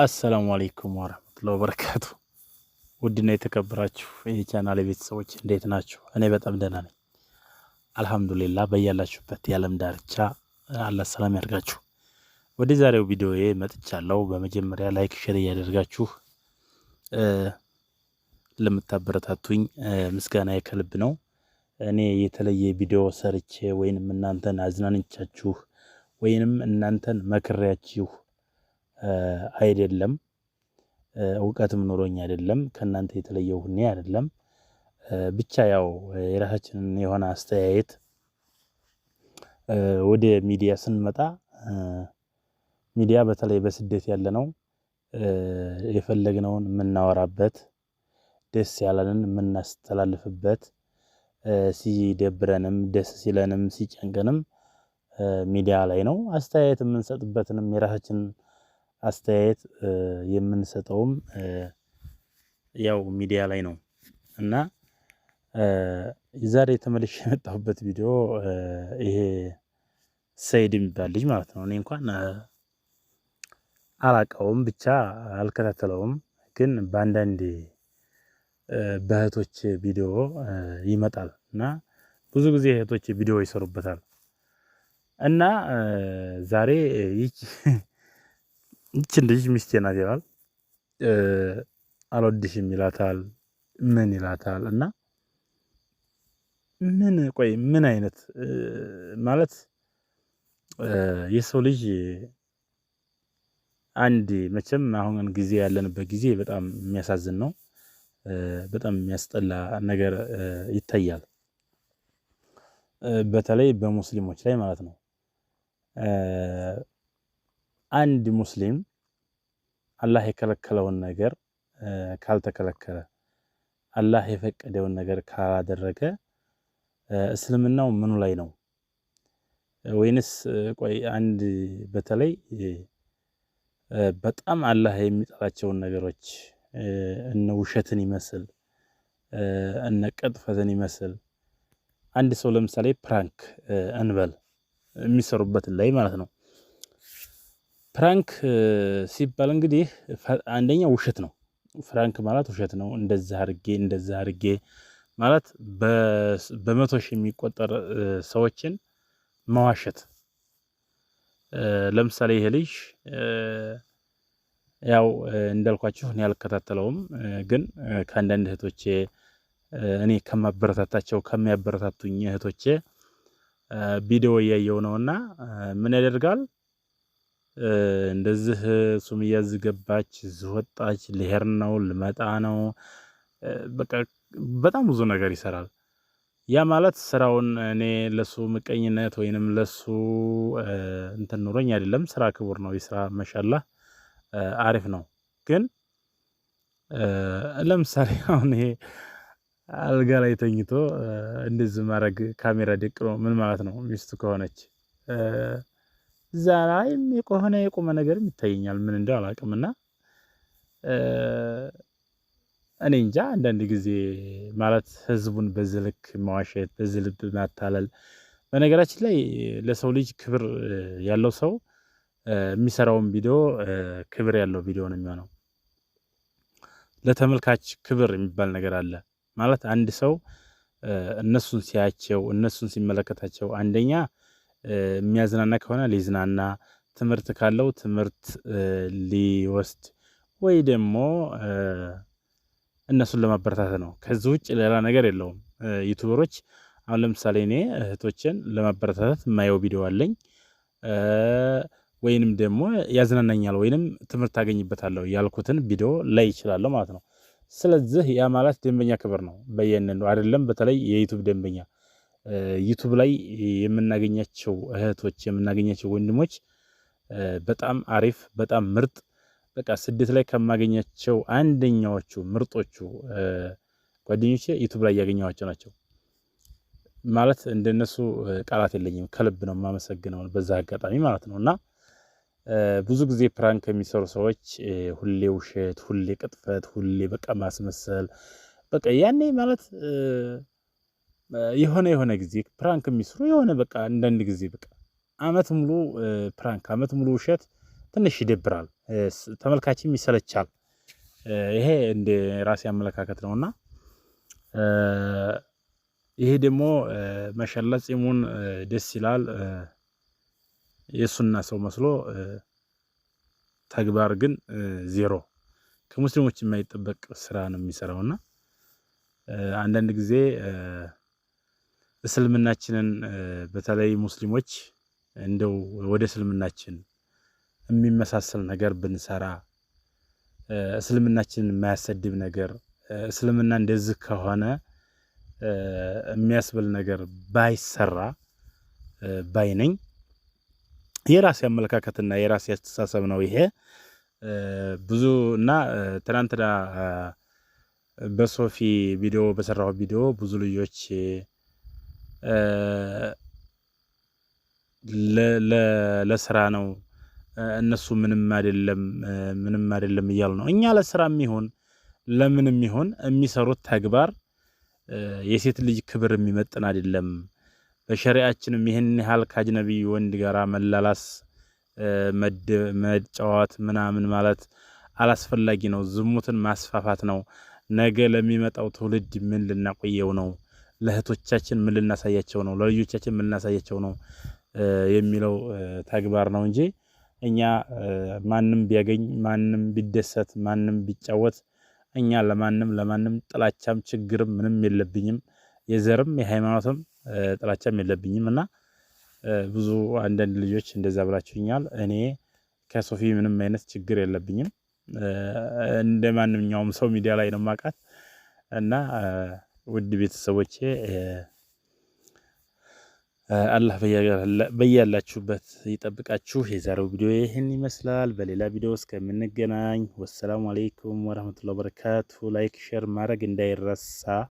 አሰላሙ አሌይኩም ወረህመቱላሂ ወበረካቱ። ውድና የተከበራችሁ የቻናል ቤተሰቦች እንዴት ናችሁ? እኔ በጣም ደህና ነኝ አልሐምዱሊላ። በያላችሁበት የዓለም ዳርቻ አላ ሰላም ያድርጋችሁ። ወደ ዛሬው ቪዲዮዬ መጥቻለሁ። በመጀመሪያ ላይክ፣ ሼር እያደርጋችሁ ለምታበረታቱኝ ምስጋና የከልብ ነው። እኔ የተለየ ቪዲዮ ሰርቼ ወይንም እናንተን አዝናንቻችሁ ወይንም እናንተን መክሬያችሁ አይደለም። እውቀትም ኑሮኝ አይደለም። ከእናንተ የተለየው ሁኔ አይደለም። ብቻ ያው የራሳችንን የሆነ አስተያየት ወደ ሚዲያ ስንመጣ ሚዲያ በተለይ በስደት ያለ ነው የፈለግነውን የምናወራበት ደስ ያለንን የምናስተላልፍበት ሲደብረንም ደስ ሲለንም ሲጨንቀንም ሚዲያ ላይ ነው። አስተያየት የምንሰጥበትንም የራሳችንን አስተያየት የምንሰጠውም ያው ሚዲያ ላይ ነው እና ዛሬ ተመልሼ የመጣሁበት ቪዲዮ ይሄ ሰይድ የሚባል ልጅ ማለት ነው። እኔ እንኳን አላቀውም ብቻ አልከታተለውም፣ ግን በአንዳንድ በእህቶች ቪዲዮ ይመጣል እና ብዙ ጊዜ እህቶች ቪዲዮ ይሰሩበታል እና ዛሬ ይች ይችን ልጅ ሚስቴ ናት ይላል፣ አልወድሽም ይላታል፣ ምን ይላታል እና ምን ቆይ ምን አይነት ማለት የሰው ልጅ አንድ መቼም አሁን ጊዜ ያለንበት ጊዜ በጣም የሚያሳዝን ነው። በጣም የሚያስጠላ ነገር ይታያል። በተለይ በሙስሊሞች ላይ ማለት ነው። አንድ ሙስሊም አላህ የከለከለውን ነገር ካልተከለከለ አላህ የፈቀደውን ነገር ካላደረገ እስልምናው ምኑ ላይ ነው? ወይንስ ቆይ አንድ በተለይ በጣም አላህ የሚጠላቸውን ነገሮች እነ ውሸትን ይመስል እነ ቅጥፈትን ይመስል አንድ ሰው ለምሳሌ ፕራንክ እንበል የሚሰሩበትን ላይ ማለት ነው ፕራንክ ሲባል እንግዲህ አንደኛ ውሸት ነው። ፍራንክ ማለት ውሸት ነው። እንደዛ አርጌ እንደዛ አርጌ ማለት በመቶ ሺህ የሚቆጠር ሰዎችን መዋሸት። ለምሳሌ ይሄ ልጅ ያው እንዳልኳችሁ እኔ አልከታተለውም፣ ግን ከአንዳንድ እህቶቼ እኔ ከማበረታታቸው ከሚያበረታቱኝ እህቶቼ ቪዲዮ እያየው ነው እና ምን ያደርጋል እንደዚህ ሱምያ እዚህ ገባች፣ እዚህ ነው፣ ልመጣ ነው፣ በጣም ብዙ ነገር ይሰራል። ያ ማለት ስራውን እኔ ለሱ ምቀኝነት ወይንም ለሱ እንትን ኑሮኝ አይደለም። ስራ ክቡር ነው። የስራ መሻላ አሪፍ ነው። ግን ለምሳሌ አሁን ይሄ አልጋ ላይ ተኝቶ እንደዚህ ማድረግ ካሜራ ደቅኖ ምን ማለት ነው? ሚስቱ ከሆነች እዛ የሆነ የቆመ ነገርም ይታየኛል። ምን እንደው አላውቅምና እኔ እንጃ። አንዳንድ ጊዜ ማለት ህዝቡን በዚህ ልክ መዋሸት፣ በዚህ ልብ ማታለል። በነገራችን ላይ ለሰው ልጅ ክብር ያለው ሰው የሚሰራውን ቪዲዮ ክብር ያለው ቪዲዮ ነው የሚሆነው። ለተመልካች ክብር የሚባል ነገር አለ ማለት አንድ ሰው እነሱን ሲያቸው እነሱን ሲመለከታቸው አንደኛ የሚያዝናና ከሆነ ሊዝናና፣ ትምህርት ካለው ትምህርት ሊወስድ ወይ ደግሞ እነሱን ለማበረታት ነው። ከዚህ ውጭ ሌላ ነገር የለውም። ዩቱበሮች አሁን ለምሳሌ እኔ እህቶችን ለማበረታታት የማየው ቪዲዮ አለኝ ወይንም ደግሞ ያዝናናኛል ወይንም ትምህርት ታገኝበታለሁ ያልኩትን ቪዲዮ ላይ ይችላለሁ ማለት ነው። ስለዚህ ያ ማለት ደንበኛ ክብር ነው። በየነን አይደለም። በተለይ የዩቱብ ደንበኛ ዩቱብ ላይ የምናገኛቸው እህቶች የምናገኛቸው ወንድሞች በጣም አሪፍ በጣም ምርጥ በቃ ስደት ላይ ከማገኛቸው አንደኛዎቹ ምርጦቹ ጓደኞቼ ዩቱብ ላይ እያገኘዋቸው ናቸው። ማለት እንደነሱ ቃላት የለኝም። ከልብ ነው የማመሰግነው በዛ አጋጣሚ ማለት ነው። እና ብዙ ጊዜ ፕራንክ የሚሰሩ ሰዎች ሁሌ ውሸት፣ ሁሌ ቅጥፈት፣ ሁሌ በቃ ማስመሰል በቃ ያኔ ማለት የሆነ የሆነ ጊዜ ፕራንክ የሚስሩ የሆነ በቃ አንዳንድ ጊዜ በቃ አመት ሙሉ ፕራንክ አመት ሙሉ ውሸት ትንሽ ይደብራል፣ ተመልካችም ይሰለቻል። ይሄ እንደ ራሴ አመለካከት ነው እና ይሄ ደግሞ መሸለት ጺሙን ደስ ይላል የሱና ሰው መስሎ ተግባር ግን ዜሮ ከሙስሊሞች የማይጠበቅ ስራ ነው የሚሰራውና አንዳንድ ጊዜ እስልምናችንን በተለይ ሙስሊሞች እንደው ወደ እስልምናችን የሚመሳሰል ነገር ብንሰራ እስልምናችንን የማያሰድብ ነገር እስልምና እንደዚህ ከሆነ የሚያስብል ነገር ባይሰራ ባይ ነኝ። የራሴ አመለካከትና የራሴ አስተሳሰብ ነው ይሄ ብዙ እና ትናንትና በሶፊ ቪዲዮ በሰራሁ ቪዲዮ ብዙ ልጆች ለስራ ነው እነሱ ምንም አይደለም ምንም አይደለም እያሉ ነው። እኛ ለስራም ይሁን ለምንም ይሁን የሚሰሩት ተግባር የሴት ልጅ ክብር የሚመጥን አይደለም። በሸሪአችንም ይህን ያህል ከአጅነቢ ወንድ ጋር መላላስ፣ መጫወት ምናምን ማለት አላስፈላጊ ነው። ዝሙትን ማስፋፋት ነው። ነገ ለሚመጣው ትውልድ ምን ልናቆየው ነው? ለእህቶቻችን ምን ልናሳያቸው ነው፣ ለልጆቻችን ምን ልናሳያቸው ነው የሚለው ተግባር ነው እንጂ እኛ ማንም ቢያገኝ ማንም ቢደሰት ማንም ቢጫወት እኛ ለማንም ለማንም ጥላቻም ችግርም ምንም የለብኝም። የዘርም የሃይማኖትም ጥላቻም የለብኝም እና ብዙ አንዳንድ ልጆች እንደዛ ብላችሁኛል። እኔ ከሶፊ ምንም አይነት ችግር የለብኝም። እንደ ማንኛውም ሰው ሚዲያ ላይ ነው ማውቃት እና ውድ ቤተሰቦቼ አላህ በያላችሁበት ይጠብቃችሁ። የዛሬው ቪዲዮ ይህን ይመስላል። በሌላ ቪዲዮ እስከምንገናኝ ወሰላሙ አሌይኩም ወረህመቱላሂ በረካቱ። ላይክ ሼር ማድረግ እንዳይረሳ።